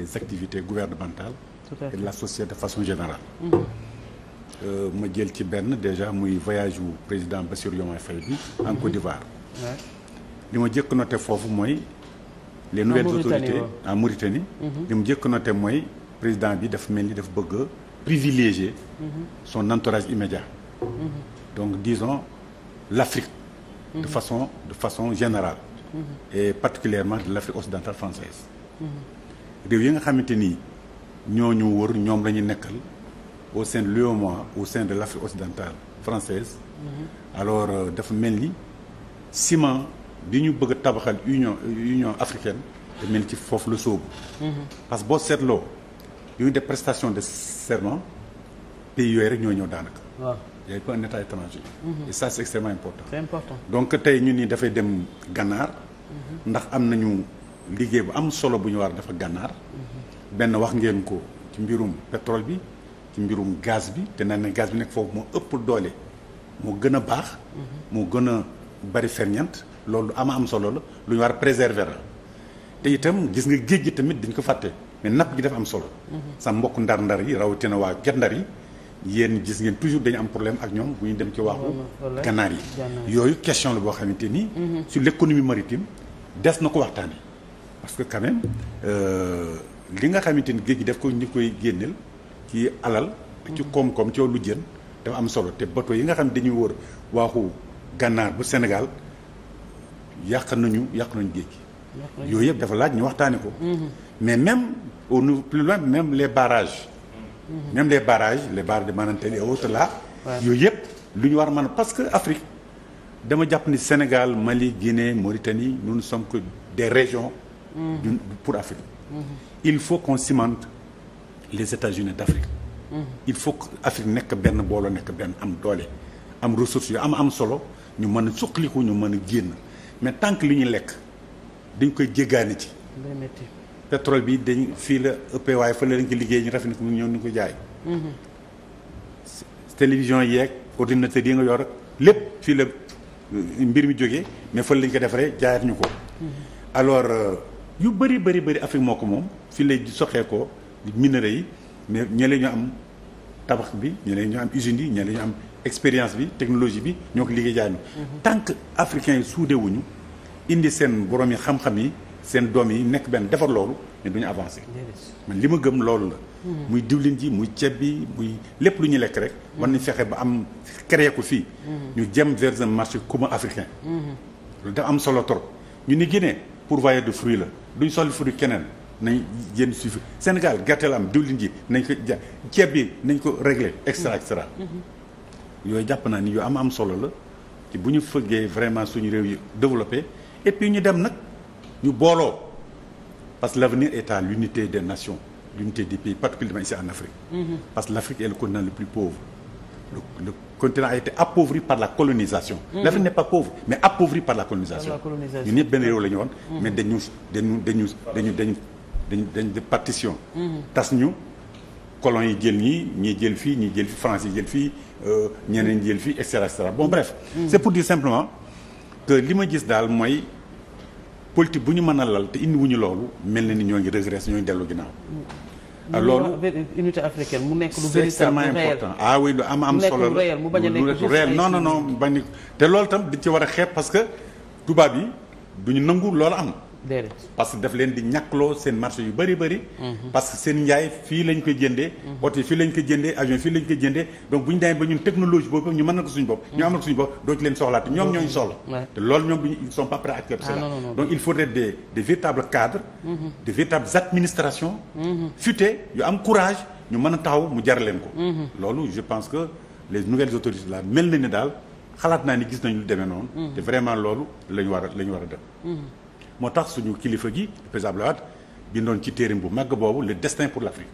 des activités gouvernementales et la société de façon générale mmh. euh, ma jël ci benn déjà muy voyage wu président Bassirou Diomaye Faye bi en Côte d'Ivoire mmh. li ma jëkk noté foofu mooy les nouvelles autorités en Mauritanie mmh. li mu jëkk noté mooy président bi dafa mel ni dafa bëgg privilégier son entourage immédiat donc disons l'Afrique de façon de façon générale et particulièrement de l'Afrique occidentale française réew yi nga xamante ni ñoo ñu wër ñoom la ñu nekkal au sein de l'UEMOA au sein de l'Afrique occidentale française mm-hmm. alors euh, dafa mel ni ciment bi ñu bëgg a tabaxal union union africaine te mel ci foofu la sóobu mm-hmm. parce que boo seetloo yu ñu def prestation de serment pays yooyu rek ñoo ñëw daanaka waaw y a pas un état mm-hmm. et ça c'est extrêmement important donc tey ñu ni dafay dem gànnaar ndax am nañu liggéey bu am solo bu ñu war dafa gànnaar benn wax ngeen ko ci mbirum pétrole bi ci mbirum gaz bi te na ne gaz bi nekk foofu moo ëpp doole moo gën a baax moo gën a bari ferñeent loolu am am solo la lu ñu war préserver la te itam gis nga géej gi tamit dañ ko fàtte mais napp gi dafa am solo sa mbokk ndar-ndar yi rawatina waa Guet Ndar yi yéen gis ngeen toujours dañu am problème ak ñoom bu ñu dem ci waaxu ganaar yi yooyu question la boo xamante ni mhm. sur l'économie maritime des na ko waxtaane parce que quand même euh, li nga xamante ni géej gi daf ko ñu koy génneel ci alal. ci koom-koom ci lu jën dafa am solo te bateau yi nga xam dañuy wër waaxu gànnaar bu Sénégal yàq nañu yàq nañu géej gi. yooyu yëpp dafa laaj ñu waxtaanee ko. Mhm. mais même au nu plus loin même les barrages. Mhm. même les barrages les barrages de Manantali et autres là. yooyu yëpp lu ñu war a mën parce que Afrique dama jàpp ni Sénégal Mali Guinée Mauritanie nous ne sommes que des régions. du pour Afrique. il faut qu'on cimente les États-Unis d'Afrique. il faut que Afrique nekk benn booloo nekk benn am doole am ressources yu am am solo ñu mën a suqaliku ñu mën a génn mais tant que li ñu lekk dañ koy jéggaani ci. pétrole bi dañ fii la ëppee waaye fële lañ ko liggéey ñu rafetlu ko ñëw ñu ko jaay. Mm-hmm. télévision yeeg ordinateur yi nga yor lépp fii la euh, mbir mi jógee mais fële lañ ko defaree jaayat ñu ko mm-hmm. euh, yu bëri bëri bëri Afrique moo ko moom fii lay soxee ko minerais yi mais ñële ñu am tabax bi ñële ñu am usine yi ñële ñu am expérience bi technologie bi ñoo ko liggéey jaay mhm. tant que africains yi suude wuñu indi seen borom yi xam-xam yi seen doom yi nekk benn defar loolu mais duñu avancé man li ma gëm loolu la mhm. muy diwlin ji muy ceeb bi muy lépp lu ñuy lekk rek mhm. war ñu fexe ba am créé ko fii ñu jëm vers un marché commun africain lu dafa am solo trop pourvoyeur de fruits la duñ sol fruit keneen nañ jënd suivi Sénégal gerte la am diwlin ji nañ ko ja ceeb bi nañ ko régler extra extra mm-hmm. yooyu jàpp naa ni yu am am solo la ci bu ñu fëggee vraiment suñu réew yi développé et puis ñu dem nag ñu booloo parce que l'avenir est à l'unité des nations l'unité des pays particulièrement ici en Afrique mm-hmm. parce que l'Afrique est le continent le plus pauvre le, le continent a été appauvri par la colonisation. Mmh. l'Afrique n'est pas pauvre mais appauvri par la colonisation. ñun ñëpp benn réew la ñu woon. Mm-hmm. mais dañu dañu dañu dañu dañu dañu dañu partition. Mm-hmm. tas ñu kolon yi jël ñii ñii jël fii ñii jël fi France yi jël fii euh, ñeneen jël fii et cetera et cetera bon bref. Mm-hmm. c'est pour dire simplement que li ma gis daal mooy. politique bu ñu mën a lal te indi wuñu loolu mel na ni ñoo ngi régresse ñoo ngi dellu ginnaaw Ah, loolu unité africaine mu nekk lu véritablement important ah oui lu am am solo la mu bañ a nekk lu réel non non non bañ te loolu tam di ci war a xeeb parce que tubaab yi duñu nangu loolu am déedéet parce que daf leen di ñàkkloo seen marché yu bëri bëri. Mhm. parce que seen njaay fii lañ koy jëndee. Mhm. oto fii lañ koy jëndee avion fii lañ koy jëndee donc bu ñu demee ba ñun technologie boobu ñu mën na ko suñu bopp. ñu amal ko suñu bopp doo ci leen soxlaat te ñoom ñoo ñu soxla. te loolu ñoom ils ne sont pas prêts à accepter ah, cela donc il faudrait des des véritables cadres. Mhm. des véritables administrations. futé yu am courage ñu mën a taxaw mu jar leen ko. loolu je pense que les nouvelles autorités là mel na ne daal xalaat naa ni gis nañu lu demee noonu. vraiment loolu la ñu war a la ñu war a def moo tax suñu kilifa gi président Abdoulaye Wade bindoon ci téerim bu màgg boobu le destin pour l'Afrique